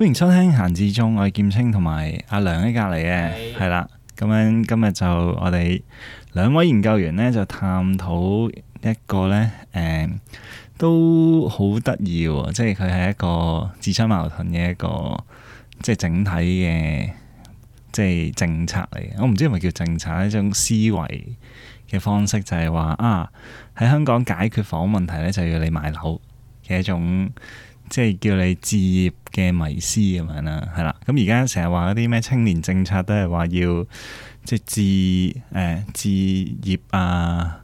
歡迎收聽閒置中，我係劍青同埋阿涼喺隔籬嘅，係啦。咁 樣今日就我哋兩位研究員呢，就探討一個呢，誒、嗯，都好得意嘅，即係佢係一個自相矛盾嘅一個，即係整體嘅，即係政策嚟。我唔知係咪叫政策，一種思維嘅方式就係話啊，喺香港解決房屋問題呢，就要你買樓嘅一種。即係叫你置業嘅迷思咁樣啦，係啦。咁而家成日話嗰啲咩青年政策都係話要即係置誒置、呃、業啊，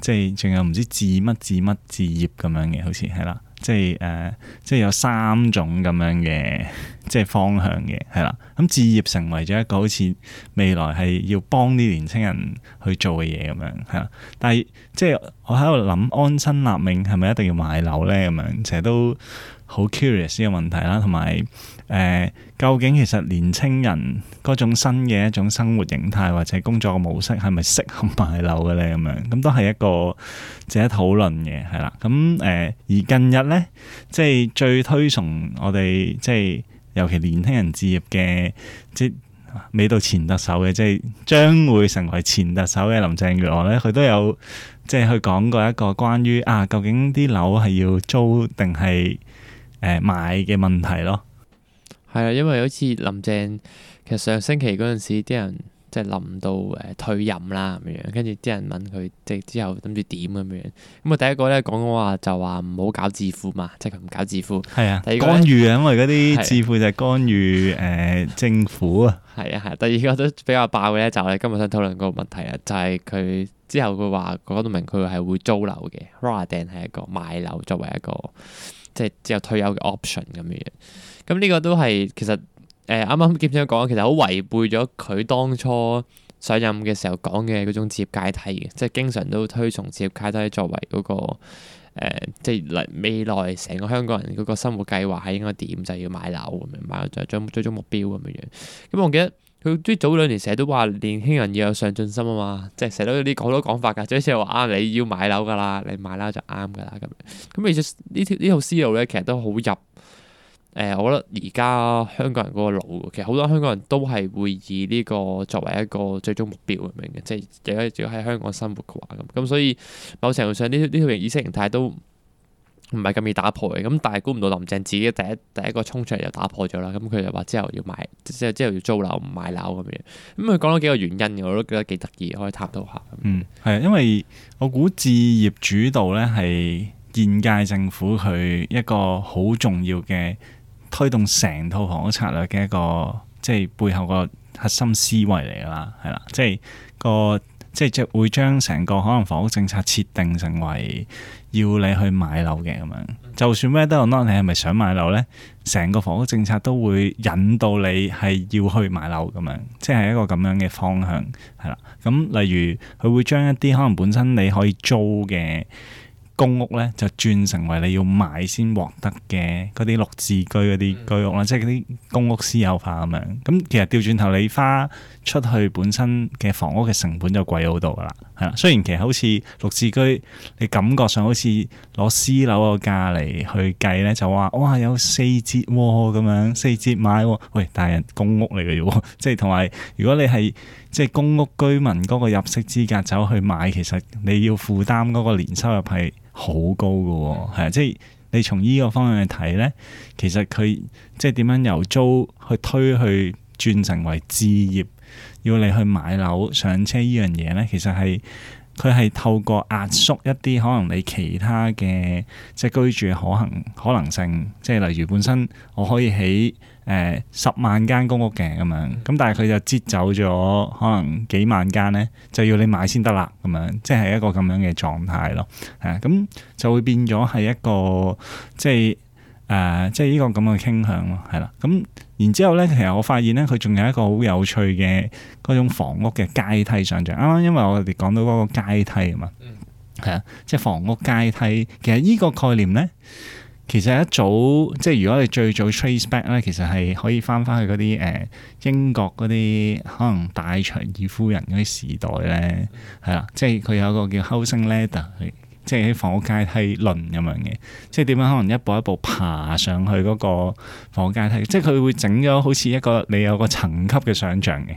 即係仲有唔知置乜置乜置業咁樣嘅，好似係啦。即係誒、呃，即係有三種咁樣嘅。即係方向嘅，係啦。咁置業成為咗一個好似未來係要幫啲年青人去做嘅嘢咁樣，係啦。但係即係我喺度諗，安身立命係咪一定要買樓呢？咁樣成日都好 curious 呢個問題啦。同埋誒，究竟其實年青人嗰種新嘅一種生活形態或者工作模式係咪適合買樓嘅呢？咁樣咁都係一個值得討論嘅，係啦。咁誒、呃，而近日呢，即係最推崇我哋即係。尤其年輕人置業嘅，即係未到前特首嘅，即係將會成為前特首嘅林鄭月娥咧，佢都有即係去講過一個關於啊，究竟啲樓係要租定係誒買嘅問題咯。係啊，因為好似林鄭其實上星期嗰陣時啲人。即係諗到誒退任啦咁樣，跟住啲人問佢，即係之後諗住點咁樣。咁啊，第一個咧講話就話唔好搞智庫嘛，即係佢唔搞智庫。係啊，第二個干預啊，因為嗰啲智庫就係干預誒、啊呃、政府啊。係啊係。第二個都比較爆嘅咧，就係、是、今日想討論個問題啊，就係、是、佢之後佢話講到明佢係會租樓嘅，rather than 係一個買樓作為一個即係之後退休嘅 option 咁嘅樣，樣。咁、這、呢個都係其實。誒啱啱劍長講，其實好違背咗佢當初上任嘅時候講嘅嗰種置業階梯嘅，即係經常都推崇置業階梯作為嗰、嗰個、呃、即係嚟未來成個香港人嗰個生活計劃係應該點？就係、要買樓咁樣，買就最最終目標咁樣樣。咁我記得佢早兩年成日都話年輕人要有上進心啊嘛，即係成日都有啲好多講法噶，就好似話啊你要買樓噶啦，你買樓就啱噶啦咁。咁而且呢條呢套思路咧，其實都好入。誒、呃，我覺得而家香港人嗰個腦，其實好多香港人都係會以呢個作為一個最終目標咁樣嘅，即係而家要喺香港生活嘅話，咁咁所以某程度上呢呢條意識形態都唔係咁易打破嘅。咁但係估唔到林鄭自己第一第一個衝出嚟又打破咗啦。咁佢又話之後要買，即係之後要租樓唔買樓咁樣。咁佢講咗幾個原因嘅，我都覺得幾得意，可以探討下。嗯，係啊，因為我估置業主導咧係現屆政府佢一個好重要嘅。推動成套房屋策略嘅一個，即係背後個核心思維嚟噶啦，係啦，即係個即係即係會將成個可能房屋政策設定成為要你去買樓嘅咁樣，就算咩都唔得，你係咪想買樓呢？成個房屋政策都會引導你係要去買樓咁樣，即係一個咁樣嘅方向，係啦。咁例如佢會將一啲可能本身你可以租嘅。公屋咧就轉成為你要買先獲得嘅嗰啲綠置居嗰啲居屋啦，嗯、即係嗰啲公屋私有化咁樣。咁其實調轉頭你花出去本身嘅房屋嘅成本就貴好多噶啦，係啦。雖然其實好似綠置居，你感覺上好似攞私樓個價嚟去計咧，就話哇有四折喎、哦、咁樣，四折買喎、哦。喂，但係公屋嚟嘅喎，即係同埋如果你係。即係公屋居民嗰個入息資格走去買，其實你要負擔嗰個年收入係好高噶、哦，係啊的！即係你從呢個方向去睇咧，其實佢即係點樣由租去推去轉成為置業，要你去買樓上車呢樣嘢咧，其實係佢係透過壓縮一啲可能你其他嘅即係居住可行可能性，即係例如本身我可以喺。誒、呃、十萬間公屋嘅咁樣，咁但係佢就摺走咗可能幾萬間咧，就要你買先得啦咁樣，即係一個咁樣嘅狀態咯，嚇咁就會變咗係一個即係誒即係呢個咁嘅傾向咯，係啦。咁然之後咧，其實我發現咧，佢仲有一個好有趣嘅嗰種房屋嘅階梯上漲。啱啱因為我哋講到嗰個階梯啊嘛，係啊，即係房屋階梯，其實呢個概念咧。其實一早即係如果你最早 trace back 咧，其實係可以翻翻去嗰啲誒英國嗰啲可能戴卓爾夫人嗰啲時代咧，係啦，即係佢有個叫 housing ladder，即係喺房屋階梯論咁樣嘅，即係點樣可能一步一步爬上去嗰個房屋階梯，即係佢會整咗好似一個你有個層級嘅想像嘅。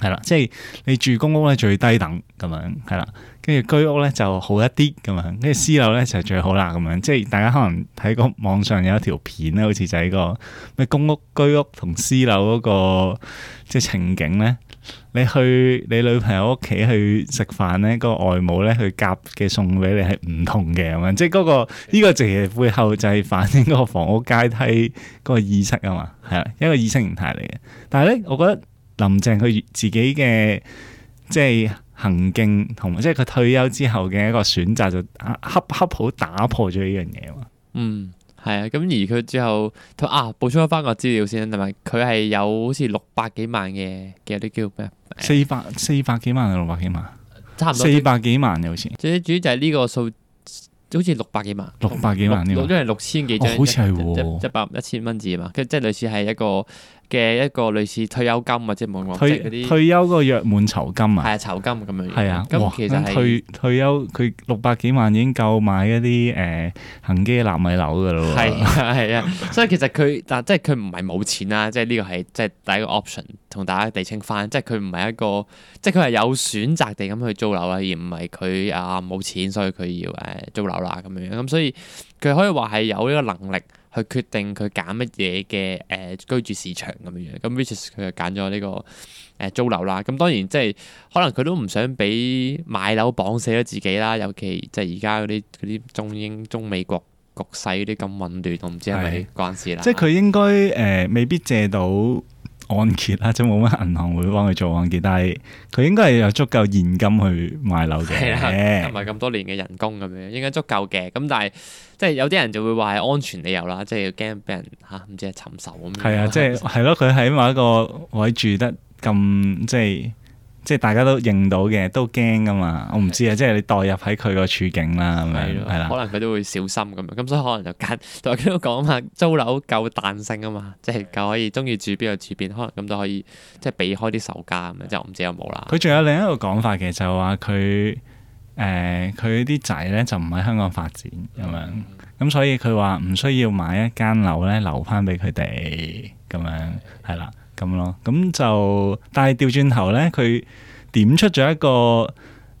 係啦，即係你住公屋咧，最低等咁樣，係啦，跟住居屋咧就好一啲咁樣，跟住私樓咧就最好啦咁樣。即係大家可能睇個網上有一條片咧，好似就係，個咩公屋、居屋同私樓嗰個即係情景咧。你去你女朋友屋企去食飯咧，個外母咧去夾嘅送俾你係唔同嘅，咁樣即係嗰，個呢，個直情背後就係反映個房屋階梯個意識啊嘛，係啦，一個意識形態嚟嘅。但係咧，我覺得。林鄭佢自己嘅即係行徑同埋即係佢退休之後嘅一個選擇，就恰恰好打破咗呢樣嘢。嗯，係啊。咁而佢之後，佢啊，補充咗翻個資料先，同埋佢係有好似六百幾萬嘅，萬叫啲叫咩？呃、400, 400四百四百幾萬定六百幾萬？差唔多四百幾萬，好似。最主要就係呢個數，好似六百幾萬，六百幾萬呢個都係六千幾，好似係一一百一千蚊紙嘛。即係類似係一個。嘅一個類似退休金或退即滿屋積啲退休嗰個約滿酬金啊，係啊酬金咁樣樣，啊咁、嗯、哇其實退退休佢六百幾萬已經夠買一啲誒恆基嘅納米樓噶咯喎，係啊，啊所以其實佢 但即係佢唔係冇錢啦，即係呢個係即係第一個 option 同大家釐清翻，即係佢唔係一個即係佢係有選擇地咁去租樓啦，而唔係佢啊冇錢所以佢要誒租樓啦咁樣咁，所以佢可以話係有呢個能力。去決定佢揀乜嘢嘅誒居住市場咁樣樣，咁 rich 佢就揀咗呢個誒租樓啦。咁當然即係可能佢都唔想俾買樓綁死咗自己啦，尤其即係而家嗰啲嗰啲中英中美國局勢嗰啲咁混亂，我唔知是是係咪關事啦。即係佢應該誒、呃、未必借到。按揭啦，即冇乜銀行會幫佢做按揭，但係佢應該係有足夠現金去買樓嘅，同埋咁多年嘅人工咁樣，應該足夠嘅。咁但係即係有啲人就會話係安全理由啦，即係要驚俾人嚇，唔知係尋仇咁樣。係啊，的 即係係咯，佢喺某一個位住得咁即係。即係大家都認到嘅，都驚噶嘛？我唔知啊，的即係你代入喺佢個處境啦，係咪的？係啦的，可能佢都會小心咁樣，咁所以可能就隔。同係佢都講啊，租樓夠彈性啊嘛，即係夠可以，中意住邊就住邊，可能咁就可以，即係避開啲仇家咁樣。就唔知有冇啦。佢仲有另一個講法嘅，就話佢誒佢啲仔咧就唔喺香港發展咁的樣，咁所以佢話唔需要買一間樓咧留翻俾佢哋咁樣，係啦。咁咯，咁就，但係調轉頭呢，佢點出咗一個誒、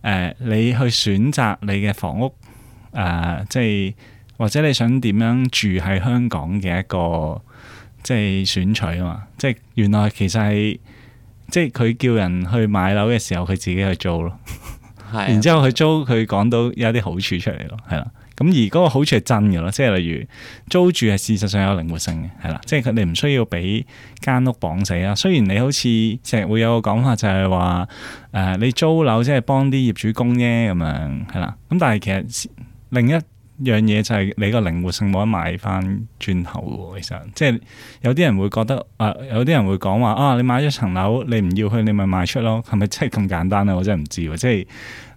呃，你去選擇你嘅房屋誒、呃，即係或者你想點樣住喺香港嘅一個即係選取啊嘛，即係原來其實係即係佢叫人去買樓嘅時候，佢自己去租咯。 然之後佢租佢講到有啲好處出嚟咯，係啦。咁而嗰個好處係真嘅咯，即係例如租住係事實上有靈活性嘅，係啦。即係你唔需要俾間屋綁死啦。雖然你好似成日會有個講法就係話誒，你租樓即係幫啲業主供啫咁樣，係啦。咁但係其實另一樣嘢就係你個靈活性冇得賣翻轉頭喎，其實即係有啲人會覺得啊、呃，有啲人會講話啊，你買咗層樓，你唔要去，你咪賣出咯，係咪真係咁簡單啊？我真係唔知喎，即係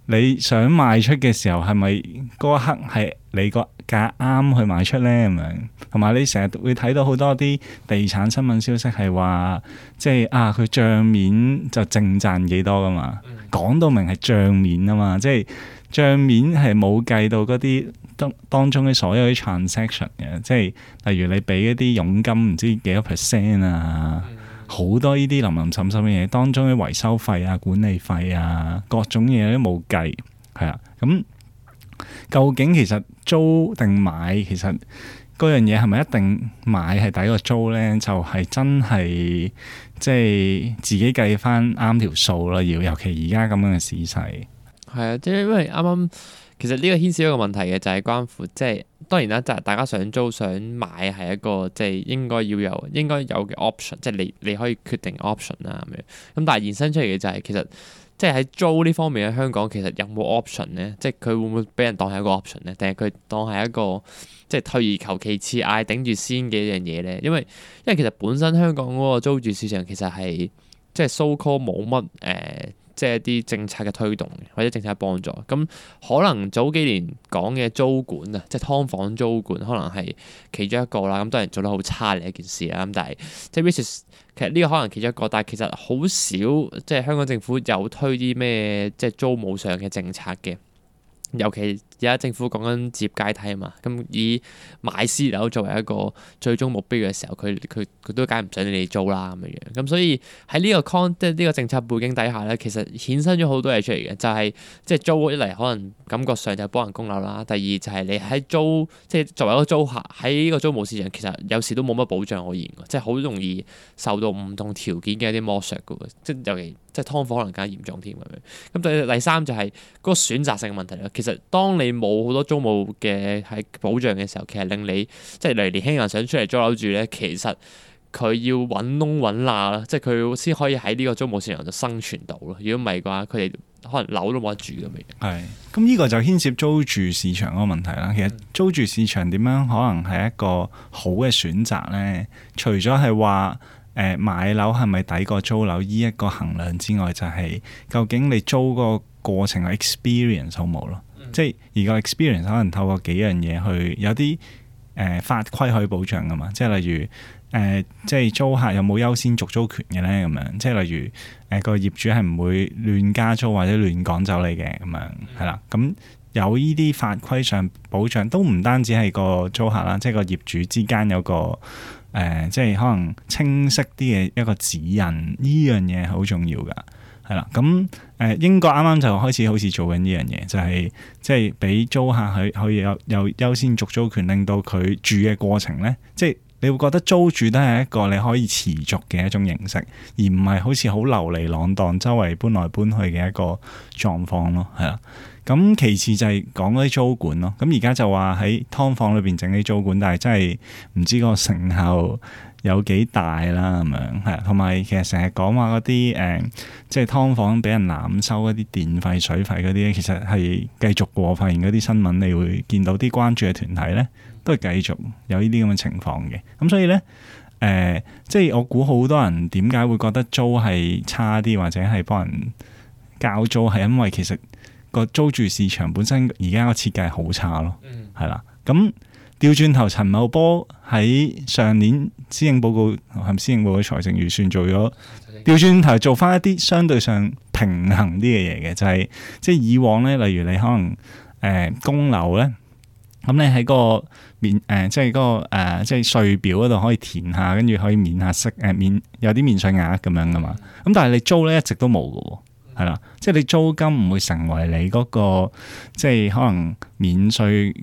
你想賣出嘅時候，係咪嗰一刻係你個價啱去賣出呢？咁樣同埋你成日會睇到好多啲地產新聞消息係話，即係啊，佢帳面就淨賺幾多噶嘛，講到明係帳面啊嘛，即係。帳面係冇計到嗰啲當當中嘅所有啲 transaction 嘅，即係例如你俾一啲佣金唔知幾多 percent 啊，好多呢啲林林滲滲嘅嘢，當中嘅維修費啊、管理費啊、各種嘢都冇計，係啊，咁、嗯、究竟其實租定買，其實嗰樣嘢係咪一定買係抵過租呢？就係、是、真係即係自己計返啱條數啦。要尤其而家咁樣嘅市勢。係啊，即係因為啱啱其實呢個牽涉一個問題嘅，就係關乎即係當然啦，就係大家想租想買係一個即係應該要有應該有嘅 option，即係你你可以決定 option 啦。咁樣。咁但係延伸出嚟嘅就係、是、其實即係喺租呢方面嘅香港其實有冇 option 咧？即係佢會唔會俾人當係一個 option 咧？定係佢當係一個即係退而求其次、捱頂住先嘅一樣嘢咧？因為因為其實本身香港嗰個租住市場其實係即係 so call 冇乜誒。呃即係啲政策嘅推動，或者政策嘅幫助。咁可能早幾年講嘅租管啊，即係劏房租管，可能係其中一個啦。咁當然做得好差嘅一件事啦。咁但係即係其實呢個可能其中一個，但係其實好少即係香港政府有推啲咩即係租務上嘅政策嘅，尤其。而家政府講緊置業階梯啊嘛，咁以買私樓作為一個最終目標嘅時候，佢佢佢都梗係唔想你哋租啦咁樣樣。咁所以喺呢個 con 即係呢個政策背景底下咧，其實衍生咗好多嘢出嚟嘅，就係即係租一嚟可能感覺上就幫人供樓啦。第二就係你喺租即係作為一個租客喺呢個租務市場，其實有時都冇乜保障可言。即係好容易受到唔同條件嘅一啲剝削㗎。即尤其即係劏房可能更加嚴重添咁樣。咁第第三就係嗰個選擇性問題啦。其實當你你冇好多租務嘅係保障嘅時候，其實令你即係例如年輕人想出嚟租樓住呢，其實佢要揾窿揾罅啦，即係佢先可以喺呢個租務市場度生存到咯。如果唔係嘅話，佢哋可能樓都冇得住咁樣。係，咁呢個就牽涉租住市場嗰個問題啦。其實租住市場點樣可能係一個好嘅選擇呢？除咗係話誒買樓係咪抵過租樓呢一個衡量之外，就係、是、究竟你租個過程係 experience 好冇咯？即係而個 experience 可能透過幾樣嘢去有啲誒法規可以保障㗎嘛？即係例如誒、呃，即係租客有冇優先續租權嘅咧？咁樣即係例如誒、呃、個業主係唔會亂加租或者亂趕走你嘅咁樣係啦。咁、嗯嗯、有呢啲法規上保障都唔單止係個租客啦，即係個業主之間有個誒、呃，即係可能清晰啲嘅一個指引，呢樣嘢好重要㗎。係啦，咁誒、嗯、英國啱啱就開始好似做緊呢樣嘢，就係即係俾租客去可以有有優先續租權，令到佢住嘅過程咧，即、就、係、是、你會覺得租住都係一個你可以持續嘅一種形式，而唔係好似好流離浪蕩，周圍搬來搬去嘅一個狀況咯。係、嗯、啦，咁其次就係講嗰啲租管咯。咁而家就話喺劏房裏邊整啲租管，但係真係唔知個成效。有幾大啦咁樣，係同埋其實成日講話嗰啲誒，即係劏房俾人濫收一啲電費水費嗰啲咧，其實係繼續過。發現嗰啲新聞，你會見到啲關注嘅團體咧，都係繼續有呢啲咁嘅情況嘅。咁所以咧，誒、呃，即係我估好多人點解會覺得租係差啲，或者係幫人交租係因為其實個租住市場本身而家個設計好差咯，係啦、嗯，咁。嗯調轉頭，陳茂波喺上年施政報告、係咪施政報告財政預算做咗調轉頭做翻一啲相對上平衡啲嘅嘢嘅，就係、是、即係以往咧，例如你可能誒供樓咧，咁、呃嗯、你喺個免誒、呃、即係嗰、那個誒、呃、即係稅表嗰度可以填下，跟住可以免下息誒、呃、免有啲免稅額咁樣噶嘛。咁但係你租咧一直都冇嘅，係啦、嗯，即係你租金唔會成為你嗰、那個即係可能免稅。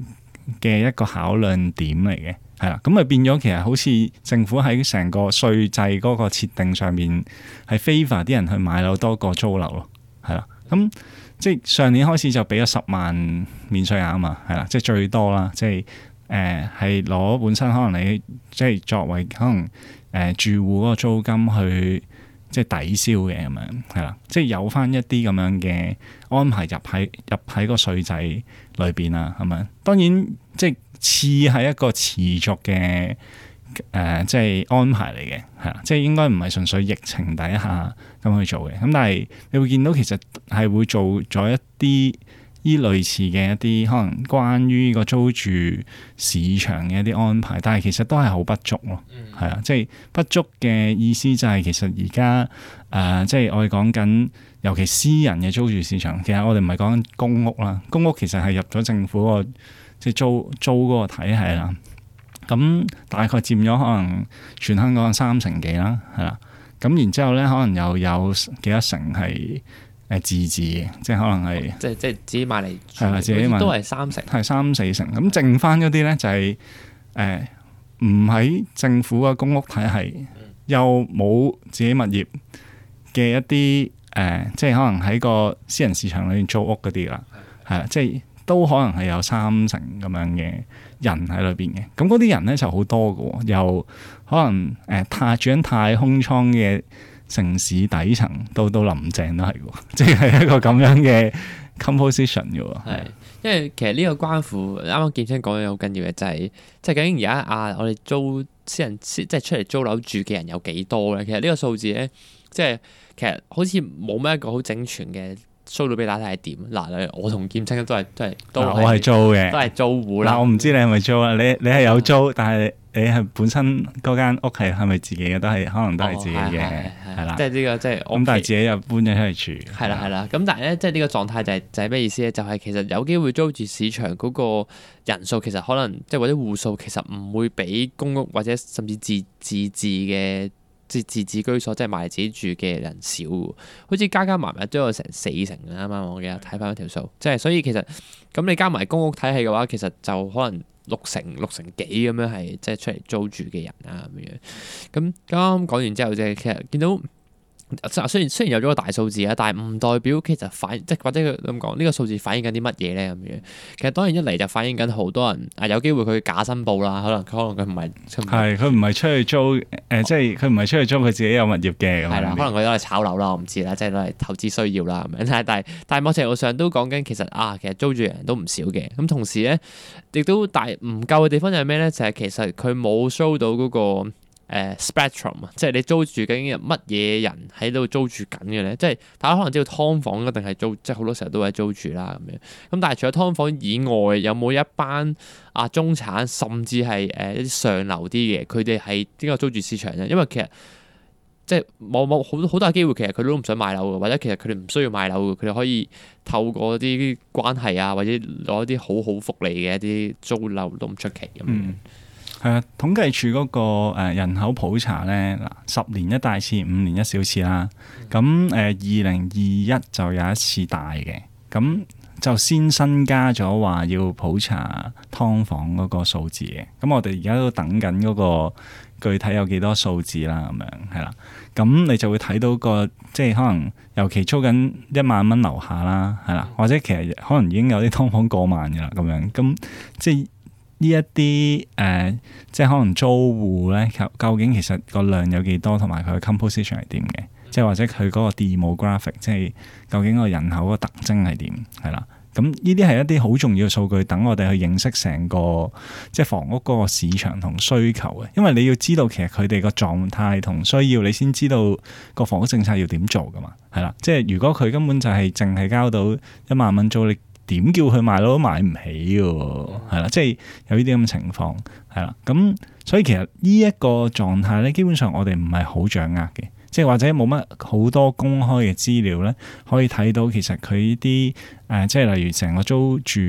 嘅一個考量點嚟嘅，係啦，咁咪變咗其實好似政府喺成個稅制嗰個設定上面係 favor 啲人去買樓多過租樓咯，係啦，咁即係上年開始就俾咗十萬免稅額啊嘛，係啦，即係最多啦，即係誒係攞本身可能你即係作為可能誒、呃、住戶嗰個租金去即係抵消嘅咁樣，係啦，即係有翻一啲咁樣嘅安排入喺入喺個稅制。裏邊啊，係咪？當然，即係似係一個持續嘅誒、呃，即係安排嚟嘅，係啊，即係應該唔係純粹疫情底下咁去做嘅。咁但係你會見到其實係會做咗一啲呢類似嘅一啲可能關於個租住市場嘅一啲安排，但係其實都係好不足咯，係啊、嗯，即係不足嘅意思就係其實而家誒，即係我哋講緊。尤其私人嘅租住市場，其實我哋唔係講公屋啦，公屋其實係入咗政府個即係租租嗰個體系啦。咁大概佔咗可能全香港三成幾啦，係啦。咁然之後咧，可能又有幾多成係誒自置嘅，即係可能係即係即係自己買嚟住，係啊，的自己買都係三成，係三四成。咁的剩翻嗰啲咧就係誒唔喺政府嘅公屋體系，又冇自己物業嘅一啲。誒、呃，即係可能喺個私人市場裏面租屋嗰啲啦，係啦、嗯啊，即係都可能係有三成咁樣嘅人喺裏邊嘅。咁嗰啲人咧就好多嘅、哦，又可能誒、呃，踏住緊太空艙嘅城市底層，都到林鄭都係、哦，即係一個咁樣嘅 composition 嘅。係、嗯，嗯、因為其實呢個關乎啱啱劍生講嘢好緊要嘅，就係即係究竟而家啊，我哋租私人即係、就是、出嚟租樓住嘅人有幾多咧？其實呢個數字咧，即係。其實好似冇咩一個好整全嘅梳理俾大家係點。嗱，我同劍青都係都係，嗱我係租嘅，都係租戶啦。嗱，我唔知你係咪租啊？你你係有租，但係你係本身嗰間屋係係咪自己嘅？都係可能都係自己嘅，係啦。即係呢個即係。咁但係自己又搬咗去住。係啦係啦，咁但係咧，即係呢個狀態就係就係咩意思咧？就係其實有機會租住市場嗰個人數，其實可能即係或者戶數，其實唔會比公屋或者甚至自自置嘅。自自，自置居所即係買自己住嘅人少，好似加加埋埋都有成四成啦，啱啱我記得睇翻一條數，即係所以其實咁你加埋公屋體系嘅話，其實就可能六成六成幾咁樣係即係出嚟租住嘅人啊咁樣。咁啱啱講完之後即係其實見到。雖然雖然有咗個大數字啦，但係唔代表其實反即或者佢咁講，呢、呢個數字反映緊啲乜嘢咧咁樣？其實當然一嚟就反映緊好多人啊，有機會佢假申報啦，可能佢可能佢唔係出佢唔係出去租、哦呃、即係佢唔係出去租，佢自己有物業嘅。可能佢都係炒樓啦，我唔知啦，即係都係投資需要啦，但係但係某程度上都講緊其實啊，其實租住人都唔少嘅。咁同時咧亦都大唔夠嘅地方就係咩咧？就係、係、其實佢冇 show 到嗰、嗰個。誒 spectrum 啊，uh, Spect rum, 即係你租住緊嘅乜嘢人喺度租住緊嘅咧？即係大家可能知道劏房一定係租，即係好多時候都係租住啦咁樣。咁但係除咗劏房以外，有冇一班啊中產，甚至係誒一啲上流啲嘅，佢哋係點解租住市場咧？因為其實即係冇冇好好大機會，其實佢都唔想買樓嘅，或者其實佢哋唔需要買樓嘅，佢哋可以透過啲關係啊，或者攞一啲好好福利嘅一啲租樓都唔出奇咁係啊，統計處嗰個誒人口普查咧，十年一大次，五年一小次啦。咁誒、嗯，二零二一就有一次大嘅，咁就先新加咗話要普查劏房嗰個數字嘅。咁我哋而家都等緊嗰個具體有幾多數字啦，咁樣係啦。咁你就會睇到個即係可能，尤其租緊一萬蚊樓下啦，係啦，嗯、或者其實可能已經有啲劏房過萬噶啦，咁樣咁即係。呢一啲誒，即係可能租戶咧，究竟其實個量有幾多，同埋佢嘅 composition 係點嘅？即係或者佢嗰個 demographic，即係究竟個人口個特徵係點？係啦，咁呢啲係一啲好重要數據，等我哋去認識成個即係房屋嗰個市場同需求嘅。因為你要知道其實佢哋個狀態同需要，你先知道個房屋政策要點做㗎嘛？係啦，即係如果佢根本就係淨係交到一萬蚊租，點叫佢買到都買唔起嘅，係啦，即係有呢啲咁嘅情況，係啦，咁所以其實呢一個狀態咧，基本上我哋唔係好掌握嘅，即係或者冇乜好多公開嘅資料咧，可以睇到其實佢啲誒，即係例如成個租住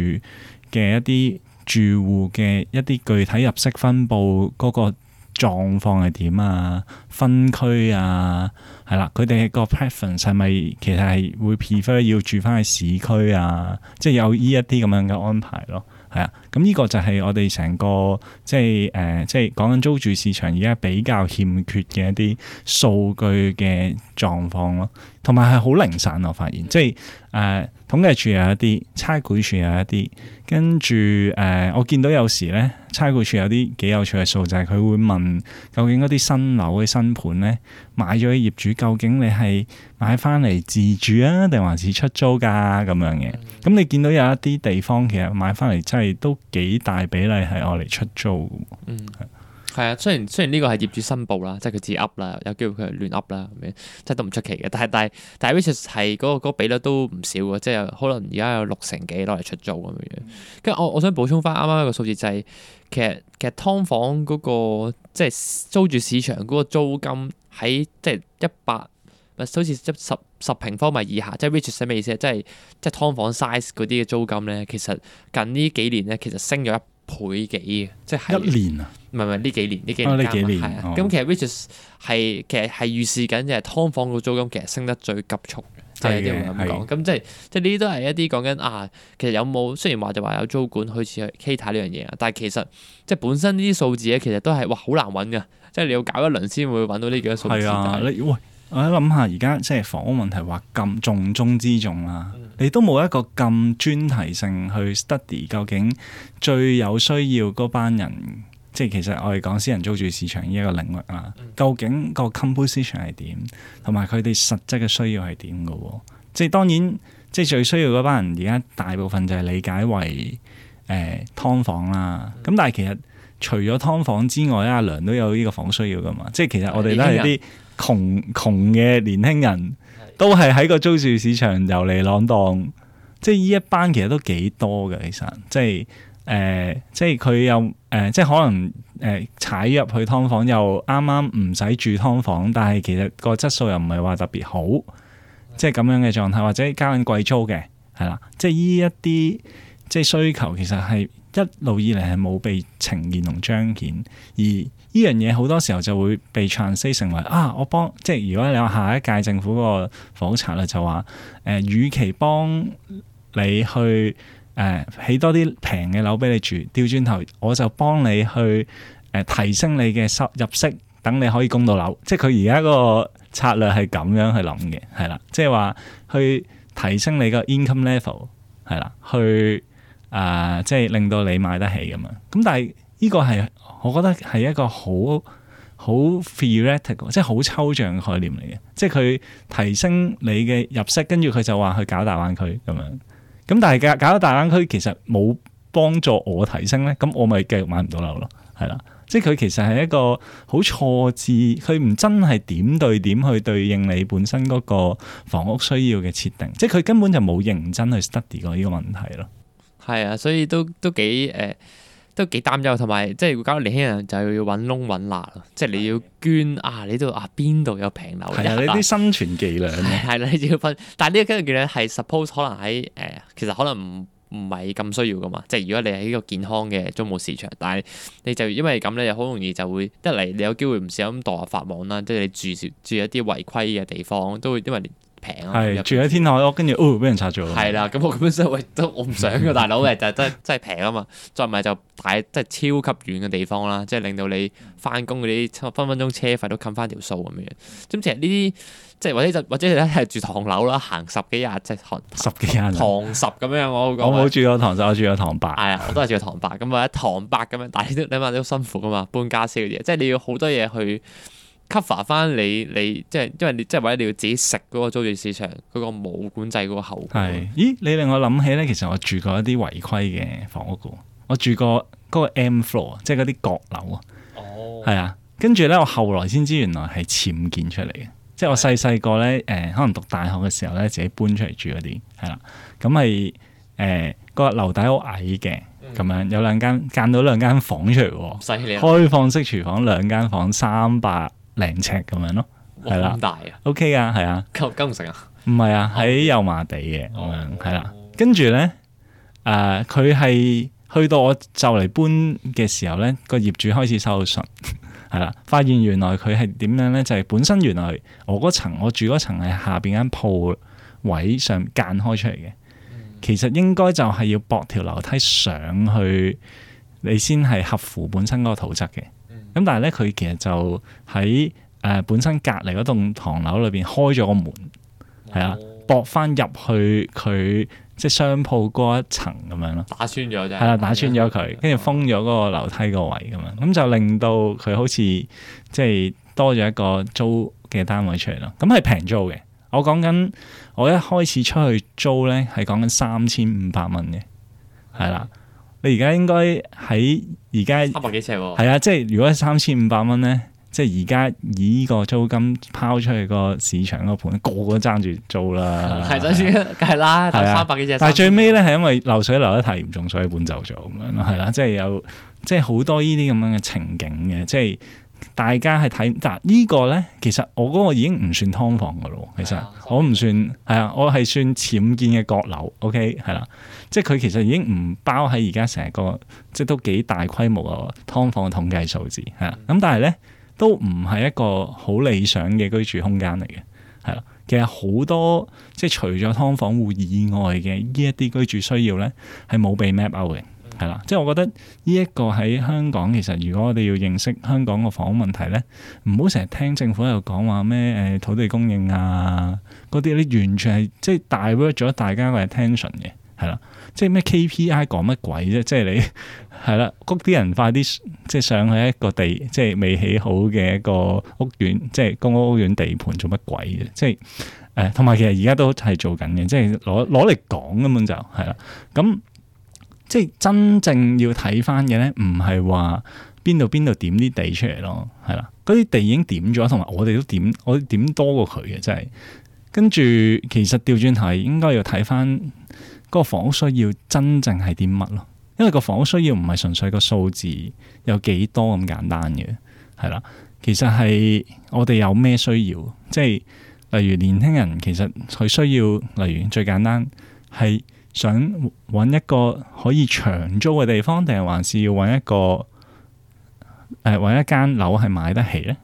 嘅一啲住戶嘅一啲具體入息分佈嗰個，狀況係點啊？分區啊，係啦，佢哋個 preference 係咪其實係會 prefer 要住翻喺市區啊？即係有呢一啲咁樣嘅安排咯，係啊。咁，嗯，呢個就係我哋成個即係誒，即係講緊租住市場而家比較欠缺嘅一啲數據嘅狀況咯，同埋係好零散。我發現即係誒。呃統計處有一啲差估處有一啲，跟住誒、呃，我見到有時咧，差估處有啲幾有趣嘅數字，就係、是、佢會問究竟嗰啲新樓嘅新盤咧，買咗啲業主究竟你係買翻嚟自住啊，定還是出租噶、啊、咁樣嘅？咁、嗯、你見到有一啲地方其實買翻嚟真係都幾大比例係我嚟出租。嗯係啊，雖然雖然呢個係業主申報啦，即係佢自己 up 啦，有機會佢亂 up 啦咁樣，即係都唔出奇嘅。但係但係但係，Richard 係嗰個嗰個比率都唔少嘅，即係可能而家有六成幾攞嚟出租咁樣。跟住我我想補充翻啱啱一個數字就係，其實其實劏房嗰個即係租住市場嗰個租金喺即係一百好似一十十平方米以下，即係 Richard 係咩意思即係即係劏房 size 嗰啲嘅租金咧，其實近呢幾年咧其實升咗一倍幾即係一年，年啊？唔係唔係，呢幾年呢幾年係啊？咁、嗯、其實 which is 係其實係預示緊就係劏房個租金其實升得最急速嘅，有啲人咁講。咁的即係即係呢啲都係一啲講緊啊。其實有冇雖然話就話有租管開始去 cater 呢樣嘢啊？但係其實即係本身呢啲數字咧，其實都係哇好難揾嘅。即係你要搞一輪先會揾到呢幾多數字。係啊，你我諗下，而家即係房屋問題話咁重中之重啦、啊。Mm. 你都冇一個咁專題性去 study，究竟最有需要嗰班人，即係其實我哋講私人租住市場呢一個領域啦、啊。Mm. 究竟個 composition 係點，同埋佢哋實質嘅需要係點嘅喎？即係當然，即係最需要嗰班人而家大部分就係理解為誒、呃、劏房啦、啊。咁、mm. 但係其實除咗劏房之外，阿梁都有呢個房需要噶嘛？即係其實我哋都係啲。窮窮嘅年輕人，的都係喺個租住市場遊嚟浪蕩，即係呢一班其實都幾多嘅，其實即係誒，即係佢又誒，即係可能誒踩、呃、入去劏房又啱啱唔使住劏房，但係其實個質素又唔係話特別好，的即係咁樣嘅狀態，或者交緊貴租嘅，係啦，即係呢一啲即係需求，其實係一路以嚟係冇被呈現同彰顯而。呢樣嘢好多時候就會被 translate 成為啊！我幫即係如果你話下一屆政府個房策咧，就話誒，與其幫你去誒起、呃、多啲平嘅樓俾你住，掉轉頭我就幫你去誒、呃、提升你嘅收入息，等你可以供到樓。即係佢而家嗰個策略係咁樣去諗嘅，係啦，即係話去提升你嘅 income level，係啦，去誒、呃、即係令到你買得起咁樣！咁但係呢個係。我覺得係一個好好 theoretical 即係好抽象嘅概念嚟嘅。即係佢提升你嘅入息，跟住佢就話去搞大灣區咁樣。咁但係搞搞大灣區，其實冇幫助我提升呢。咁我咪繼續買唔到樓咯，係啦。即係佢其實係一個好錯字，佢唔真係點對點去對應你本身嗰個房屋需要嘅設定。即係佢根本就冇認真去 study 過呢個問題咯。係啊，所以都都幾誒。呃都幾擔憂，同埋即係會搞到年輕人就要揾窿揾罅咯的，即係你要捐啊，你都啊邊度有平樓？係的啊，你啲生存技能係係，要分。但係呢一個技能係 suppose 可能喺誒、呃，其實可能唔唔係咁需要噶嘛。即係如果你喺呢個健康嘅租務市場，但係你就因為咁咧，好容易就會一嚟你有機會唔小心墮入法網啦，即係你住住一啲違規嘅地方，都會因為。係住喺天台咯，跟住哦，俾人拆咗。係啦，咁我本身喂都我唔想噶，大佬嘅， 就真真係平啊嘛。再唔係就太真係超級遠嘅地方啦，即係令到你翻工嗰啲分分鐘車費都冚翻條數咁樣。咁其實呢啲即係或者就或者咧係住唐樓啦，行十幾日，即係唐十幾廿唐十咁樣，我冇住過唐十，我住過唐八。係啊，我都係住過唐八咁或者唐八咁樣，但係你諗下都辛苦噶嘛，搬傢俬嗰啲嘢，即係你要好多嘢去。cover 翻你你即係因為你即係或者你要自己食嗰個租住市場嗰、嗰個冇管制嗰個後果。係，咦？你令我諗起咧，其實我住過一啲違規嘅房屋噶，我住過嗰個 M floor 即係嗰啲閣樓啊。哦，係啊，跟住咧我後來先知原來係僭建出嚟嘅，的即係我細細個咧誒，可能讀大學嘅時候咧自己搬出嚟住嗰啲，係啦、啊，咁係誒個樓底好矮嘅，咁樣有兩間間到兩間房出嚟，開放式廚房兩間房三百零尺咁樣咯，係啦，O K 啊，係啊，夠夠唔成啊？唔係啊，喺油麻地嘅咁樣，係啦。Oh. 跟住咧，誒、呃，佢係去到我就嚟搬嘅時候咧，個業主開始收到信，係 啦，發現原來佢係點樣咧，就係、是、本身原來我嗰層，我住嗰層係下邊間鋪位上間開出嚟嘅，嗯、其實應該就係要駁條樓梯上去，你先係合乎本身嗰個土質嘅。咁但係咧，佢其實就喺誒、呃、本身隔離嗰棟唐樓裏邊開咗個門，係、哦、啊，駁翻入去佢即係商鋪嗰一層咁樣咯。打穿咗啫，係啦對，打穿咗佢，跟住對封咗嗰個樓梯個位咁樣，咁、嗯、就令到佢好似即係多咗一個租嘅單位出嚟咯。咁係平租嘅，我講緊我一開始出去租咧，係講緊三千五百蚊嘅，係啦。你而家應該喺而家三百幾尺喎、啊，係啊，即係如果三千五百蚊咧，即係而家以呢個租金拋出去個市場個盤，個個都爭住租啦。係真先，梗係啦，係三百幾尺。但係最尾咧，係 因為漏水漏得太嚴重，所以搬走咗咁樣咯，係啦、啊嗯啊，即係有即係好多呢啲咁樣嘅情景嘅，即係。大家係睇，但係呢個咧，其實我嗰個已經唔算劏房噶咯。其實我唔算，係啊，我係算僭建嘅閣樓。OK，係啦、啊，即係佢其實已經唔包喺而家成個，即係都幾大規模嘅劏房統計數字。吓、啊，咁但係咧都唔係一個好理想嘅居住空間嚟嘅。係啦、啊，其實好多即係除咗劏房戶以外嘅呢一啲居住需要咧，係冇被 map out 嘅。係啦，即係我覺得呢一個喺香港，其實如果我哋要認識香港個房屋問題咧，唔好成日聽政府喺度講話咩，誒土地供應啊，嗰啲你完全係即係 divert 咗大家嘅 attention 嘅，係啦，即係咩 KPI 講乜鬼啫？即係你係啦，谷啲人快啲即係上去一個地，即係未起好嘅一個屋苑，即係公屋屋苑地盤做乜鬼嘅？即係誒，同、呃、埋其實而家都係做緊嘅，即係攞攞嚟講根本就係啦，咁。即係真正要睇翻嘅咧，唔係話邊度邊度點啲地出嚟咯，係啦，嗰啲地已經點咗，同埋我哋都點，我點多過佢嘅，真係跟住其實調轉頭，應該要睇翻嗰個房屋需要真正係啲乜咯，因為個房屋需要唔係純粹個數字有幾多咁簡單嘅，係啦，其實係我哋有咩需要，即係例如年輕人其實佢需要，例如最簡單係。想揾一個可以長租嘅地方，定係還是要揾一個誒揾、呃、一間樓係買得起呢？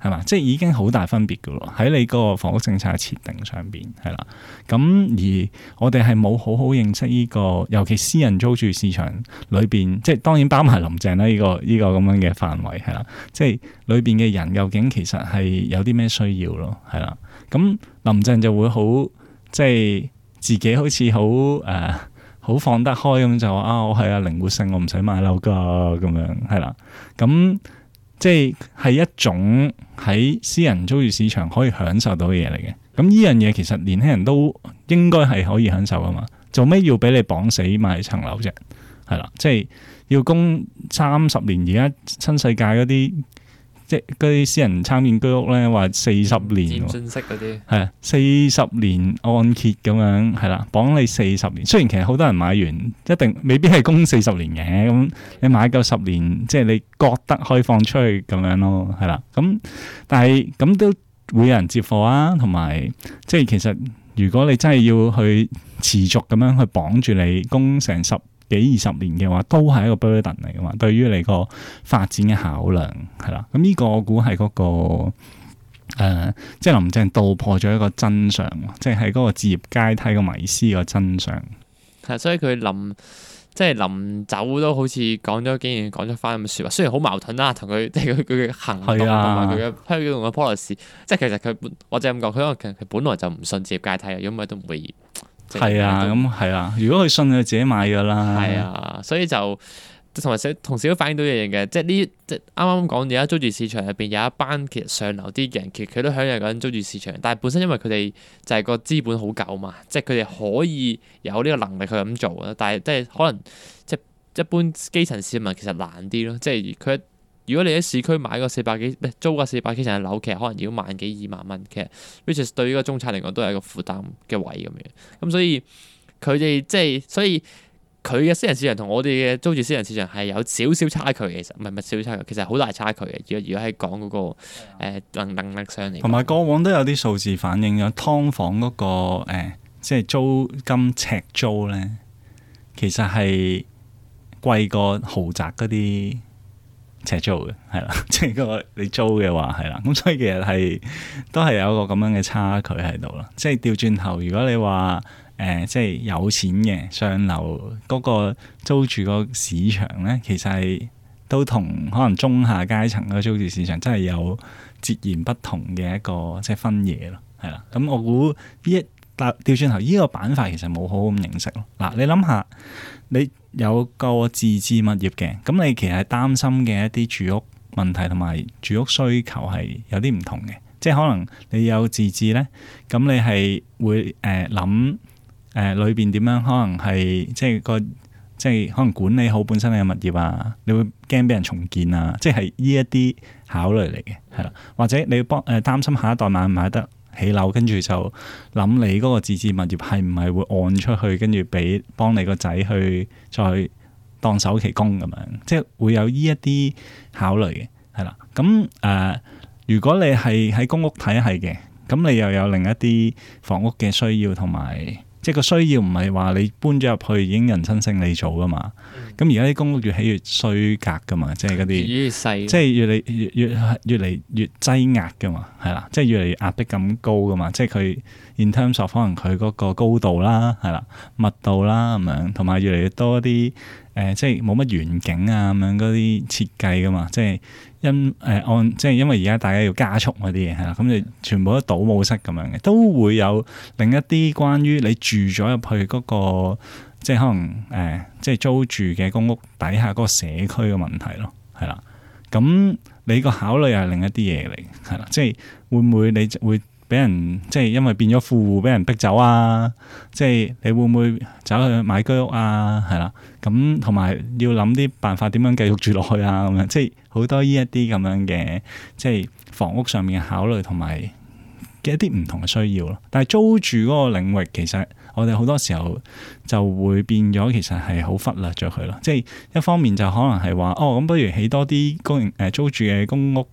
係嘛？即係已經好大分別噶咯。喺你個房屋政策嘅設定上邊係啦。咁而我哋係冇好好認識呢、這個，尤其私人租住市場裏邊，即係當然包埋林鄭啦。呢、這個呢、這個咁樣嘅範圍係啦，即係裏邊嘅人究竟其實係有啲咩需要咯？係啦，咁林鄭就會好即係。自己好似好誒，好、呃、放得開咁就話啊，我係啊靈活性我唔使買樓噶咁、啊、樣，係啦，咁即係係一種喺私人租住市場可以享受到嘅嘢嚟嘅。咁呢樣嘢其實年輕人都應該係可以享受啊嘛。做咩要俾你綁死買層樓啫？係啦，即係要供三十年。而家新世界嗰啲。即係嗰啲私人參建居屋咧，話四十年，佔盡息嗰啲係啊，四十年按揭咁樣係啦，綁你四十年。雖然其實好多人買完，一定未必係供四十年嘅，咁你買夠十年，即係你覺得開放出去咁樣咯，係啦。咁但係咁都會有人接貨啊，同埋即係其實如果你真係要去持續咁樣去綁住你供成十。幾二十年嘅話，都係一個 burden 嚟嘅嘛。對於你個發展嘅考量係啦，咁呢個，嗯，這個我估係嗰個誒，呃，即係林鄭道破咗一個真相，即係喺嗰個置業階梯嘅迷思嘅真相。係，所以佢臨即係臨走都好似講咗，竟然講咗翻咁嘅說話。雖然好矛盾啦，同佢即係佢嘅行動同埋佢嘅推動嘅 policy，即係其實佢我就咁講，佢因為佢本來就唔信置業階梯，因為都唔會。係啊，咁係啊，如果佢信佢自己買㗎啦。係啊，所以就同埋同事都反映到一樣嘢嘅，即係呢即係啱啱講而家租住市場入邊有一班其實上流啲嘅人，其實佢都享有緊租住市場，但係本身因為佢哋就係個資本好夠嘛，即係佢哋可以有呢個能力去咁做啊。但係即係可能即係一般基層市民其實難啲咯，即係佢。如果你喺市區買個四百幾，租個四百幾層嘅樓，其實可能要萬幾二萬蚊。其實，which is 對於個中產嚟講，都係一個負擔嘅位咁樣。咁所以佢哋即係，所以佢嘅私人市場同我哋嘅租住私人市場係有少少差距嘅，其實唔係唔係少少差距，其實好大差距嘅。如果如果係講嗰個能能力上嚟，同埋，呃，過往都有啲數字反映咗劏房嗰個呃，即係租金尺租咧，其實係貴過豪宅嗰啲。赤租嘅，係啦，即係個你租嘅話，係啦，咁所以其實係都係有一個咁樣嘅差距喺度咯。即係調轉頭，如果你話誒、呃，即係有錢嘅上樓嗰個租住個市場咧，其實係都同可能中下階層嘅租住市場真係有截然不同嘅一個即係分野咯。係啦，咁我估一。但掉轉頭，依個板塊其實冇好咁認識咯。嗱，你諗下，你有個自置物業嘅，咁你其實係擔心嘅一啲住屋問題同埋住屋需求係有啲唔同嘅。即係可能你有自置咧，咁你係會誒諗誒裏邊點樣？可能係即係個即係可能管理好本身嘅物業啊，你會驚俾人重建啊。即係呢一啲考慮嚟嘅，係啦。或者你要幫誒、呃、擔心下一代買唔買得？起樓，跟住就諗你嗰個自置物業係唔係會按出去，跟住俾幫你個仔去再當首期供咁樣，即係會有呢一啲考慮嘅，係啦。咁、嗯、誒、呃，如果你係喺公屋體系嘅，咁你又有另一啲房屋嘅需要，同埋即係個需要唔係話你搬咗入去已經人生勝利組㗎嘛？咁而家啲公屋越起越衰格噶嘛，就是、嘛，嘛，即係嗰啲，即係越嚟越越越嚟越擠壓噶嘛，係啦，即係越嚟越壓迫咁高噶嘛，即係佢 in terms of 可能佢嗰個高度啦，係啦，密度啦咁樣，同埋越嚟越多啲誒、呃，即係冇乜園景啊咁樣嗰啲設計噶嘛，即係因誒按、呃、即係因為而家大家要加速嗰啲嘢係啦，咁就全部都倒模式咁樣嘅，都會有另一啲關於你住咗入去嗰、那個。即係可能誒、呃，即係租住嘅公屋底下嗰個社區嘅問題咯，係啦。咁你個考慮係另一啲嘢嚟，係啦。即係會唔會你會俾人即係因為變咗富戶，俾人逼走啊？即係你會唔會走去買居屋啊？係啦。咁同埋要諗啲辦法點樣繼續住落去啊？咁樣即係好多呢一啲咁樣嘅，即係房屋上面嘅考慮同埋嘅一啲唔同嘅需要咯。但係租住嗰個領域其實。我哋好多時候就會變咗，其實係好忽略咗佢咯。即、就、係、是、一方面就可能係話，哦咁不如起多啲公誒、呃、租住嘅公屋，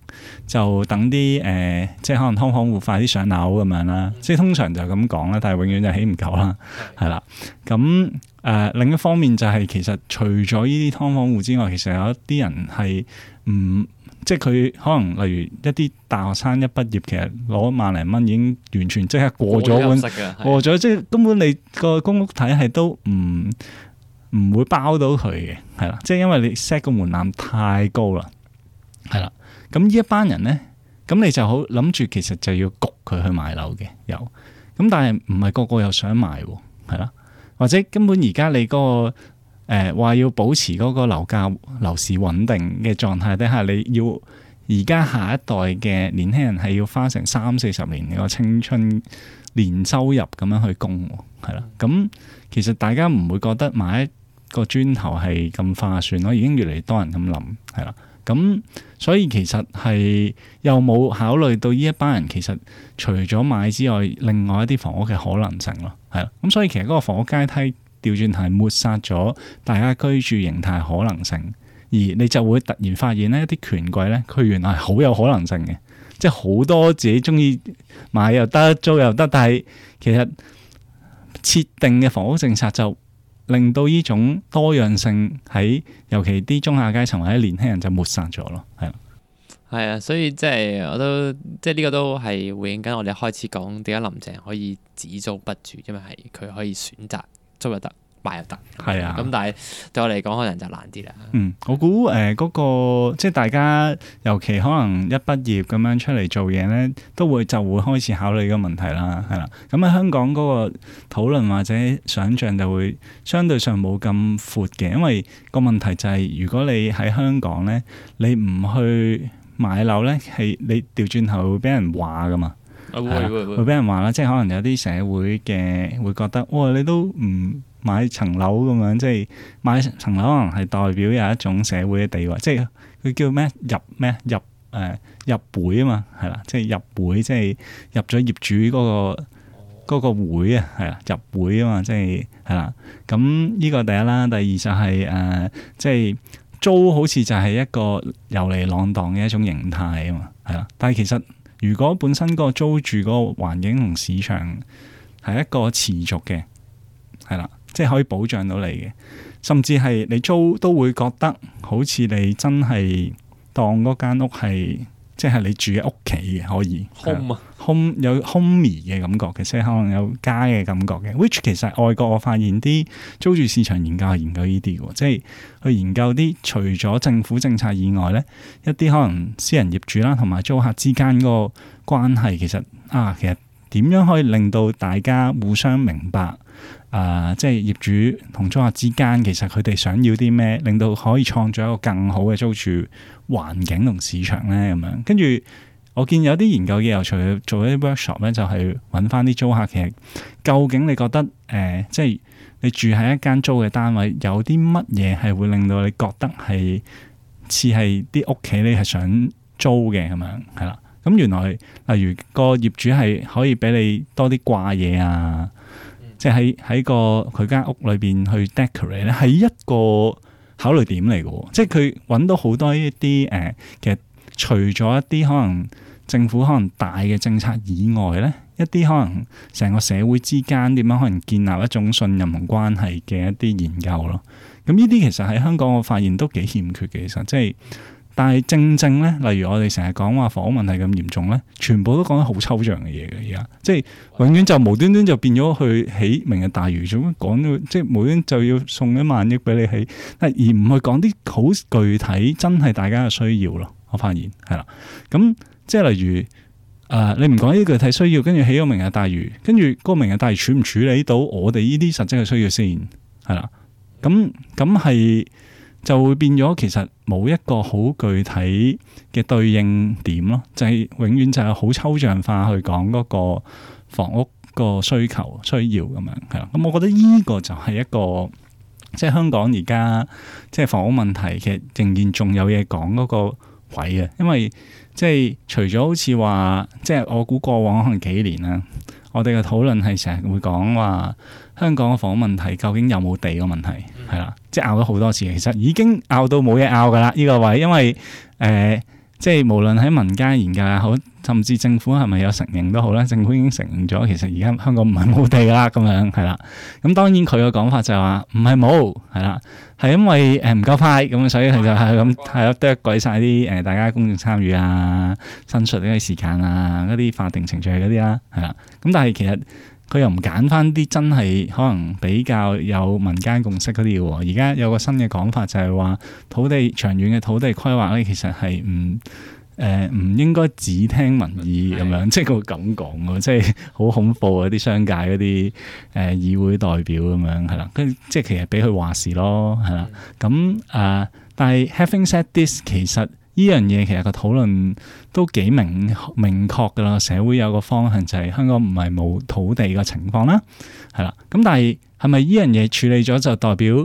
就等啲誒、呃、即係可能劏房戶快啲上樓咁、嗯、樣啦。即係通常就咁講啦，但係永遠就起唔夠啦，係啦、嗯。咁誒、呃、另一方面就係其實除咗呢啲劏房戶之外，其實有一啲人係唔。嗯即係佢可能例如一啲大學生一畢業，其實攞萬零蚊已經完全即刻過咗本，過咗即係根本你個公屋體系都唔唔會包到佢嘅，係啦，即係因為你 set 個門檻太高啦，係啦。咁呢一班人咧，咁你就好諗住其實就要焗佢去買樓嘅，有。咁但係唔係個個又想買，係啦，或者根本而家你個。誒話要保持嗰個樓價樓市穩定嘅狀態底下，你要而家下一代嘅年輕人係要花成三四十年嘅青春年收入咁樣去供，係啦。咁、嗯嗯、其實大家唔會覺得買一個磚頭係咁化算咯，已經越嚟越多人咁諗，係啦。咁、嗯、所以其實係又冇考慮到呢一班人其實除咗買之外，另外一啲房屋嘅可能性咯，係啦。咁、嗯、所以其實嗰個房屋階梯。調轉係抹殺咗大家居住形態可能性，而你就會突然發現呢一啲權貴咧，佢原來係好有可能性嘅，即係好多自己中意買又得，租又得，但係其實設定嘅房屋政策就令到呢種多樣性喺尤其啲中下階層或者年輕人就抹殺咗咯，係啊，係啊，所以即係我都即係呢個都係回應緊我哋開始講點解林鄭可以只租不住，因為係佢可以選擇。租又得，買又得，係啊。咁但係對我嚟講，可能就難啲啦。嗯，我估誒，嗰、呃那個即係大家，尤其可能一畢業咁樣出嚟做嘢咧，都會就會開始考慮個問題啦，係啦。咁喺香港嗰個討論或者想象就會相對上冇咁闊嘅，因為個問題就係，如果你喺香港咧，你唔去買樓咧，係你調轉頭會俾人話噶嘛。係會俾人話啦，即係可能有啲社會嘅會覺得，哇！你都唔買層樓咁樣，即係買層樓可能係代表有一種社會嘅地位，即係佢叫咩入咩入誒入會啊嘛，係啦，即係入會，即係入咗業主嗰個嗰個會啊，係啦，入會啊嘛，即係係啦。咁呢個第一啦，第二就係誒，即係租好似就係一個游離浪蕩嘅一種形態啊嘛，係啦。但係其實。如果本身個租住個環境同市場係一個持續嘅，係啦，即係可以保障到你嘅，甚至係你租都會覺得好似你真係當嗰間屋係。即係你住喺屋企嘅可以 home 啊，有 homey 嘅感覺嘅，即係可能有家嘅感覺嘅。Which 其實外國我發現啲租住市場研究係研究呢啲嘅，即係去研究啲除咗政府政策以外咧，一啲可能私人業主啦同埋租客之間個關係，其實啊，其實點樣可以令到大家互相明白？誒、呃，即係業主同租客之間，其實佢哋想要啲咩，令到可以創造一個更好嘅租住環境同市場咧，咁樣。跟住我見有啲研究嘅，又除咗做一啲 workshop 咧，就係揾翻啲租客，其實究竟你覺得，誒、呃，即係你住喺一間租嘅單位，有啲乜嘢係會令到你覺得係似係啲屋企你係想租嘅咁樣，係啦。咁原來例如個業主係可以俾你多啲掛嘢啊。即係喺個佢間屋裏邊去 decorate 咧，係一個考慮點嚟嘅。即係佢揾到好多一啲誒、呃，其實除咗一啲可能政府可能大嘅政策以外咧，一啲可能成個社會之間點樣可能建立一種信任同關係嘅一啲研究咯。咁呢啲其實喺香港我發現都幾欠缺嘅，其實即係。但係正正咧，例如我哋成日講話房屋問題咁嚴重咧，全部都講得好抽象嘅嘢嘅，而家即係永遠就無端端就變咗去起明日大嶼，做咩講到即係每，就要送一萬億俾你起，而唔去講啲好具體真係大家嘅需要咯。我發現係啦，咁、嗯、即係例如誒、呃，你唔講啲具體需要，跟住起個明日大嶼，跟住個明日大嶼處唔處理到我哋呢啲實際嘅需要先係啦，咁咁係。嗯就會變咗，其實冇一個好具體嘅對應點咯，就係、是、永遠就係好抽象化去講嗰個房屋個需求需要咁樣，係啊。咁我覺得呢個就係一個即係香港而家即係房屋問題其實仍然仲有嘢講嗰個位啊，因為即係除咗好似話，即係我估過往可能幾年啊，我哋嘅討論係成日會講話。香港嘅房屋問題究竟有冇地嘅問題？係啦，即係拗咗好多次，其實已經拗到冇嘢拗噶啦呢個位，因為誒、呃，即係無論喺民間研究也好，甚至政府係咪有承認都好啦，政府已經承認咗，其實而家香港唔係冇地噶啦，咁樣係啦。咁當然佢嘅講法就話唔係冇，係啦，係因為誒唔夠派，咁所以佢就係咁係剁鬼晒啲誒，大家公眾參與啊、申述呢啲時間啊、一啲法定程序嗰啲啦，係啦。咁但係其實。佢又唔揀翻啲真係可能比較有民間共識嗰啲喎，而家有個新嘅講法就係話土地長遠嘅土地規劃咧，其實係唔誒唔應該只聽民意咁樣的即，即係佢會咁講嘅，即係好恐怖啊！啲商界嗰啲誒議會代表咁樣係啦，跟即係其實俾佢話事咯，係啦，咁啊的、呃，但係 having said this，其實。呢樣嘢，其實個討論都幾明明確噶啦，社會有個方向就係、是，香港唔係冇土地嘅情況啦，係啦。咁但係係咪依樣嘢處理咗就代表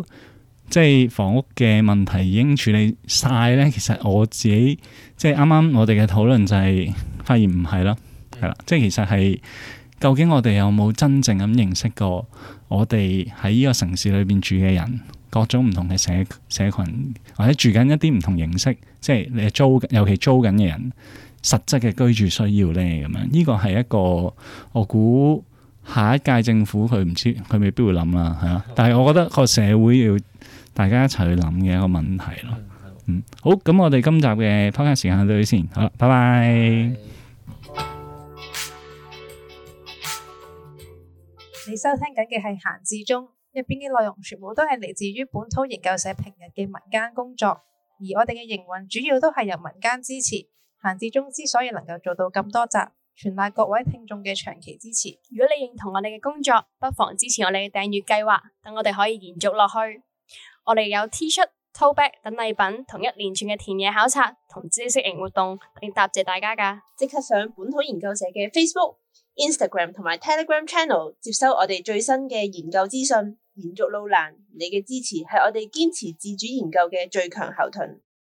即係、就是、房屋嘅問題已經處理晒呢？其實我自己即係啱啱我哋嘅討論就係發現唔係咯，係啦，即係其實係究竟我哋有冇真正咁認識過我哋喺呢個城市裏邊住嘅人？各種唔同嘅社社群，或者住緊一啲唔同形式，即係你租，尤其租緊嘅人，實質嘅居住需要咧，咁樣呢、這個係一個我估下一屆政府佢唔知佢未必會諗啦，係啊。嗯、但係我覺得個、嗯、社會要大家一齊去諗嘅一個問題咯。嗯，嗯，嗯，好，咁我哋今集嘅 Podcast 時間到呢先，嗯、好啦，拜拜。你收聽緊嘅係閒置中。入邊嘅內容全部都係嚟自於本土研究社平日嘅民間工作，而我哋嘅營運主要都係由民間支持。閒置中之所以能夠做到咁多集，全賴各位聽眾嘅長期支持。如果你認同我哋嘅工作，不妨支持我哋嘅訂閱計劃，等我哋可以延續落去。我哋有 T 恤、Tote Bag 等禮品，同一連串嘅田野考察同知識型活動，並答謝大家噶。即刻上本土研究社嘅 Facebook、Instagram 同埋 Telegram Channel，接收我哋最新嘅研究資訊。延續路難，你嘅支持係我哋堅持自主研究嘅最強後盾。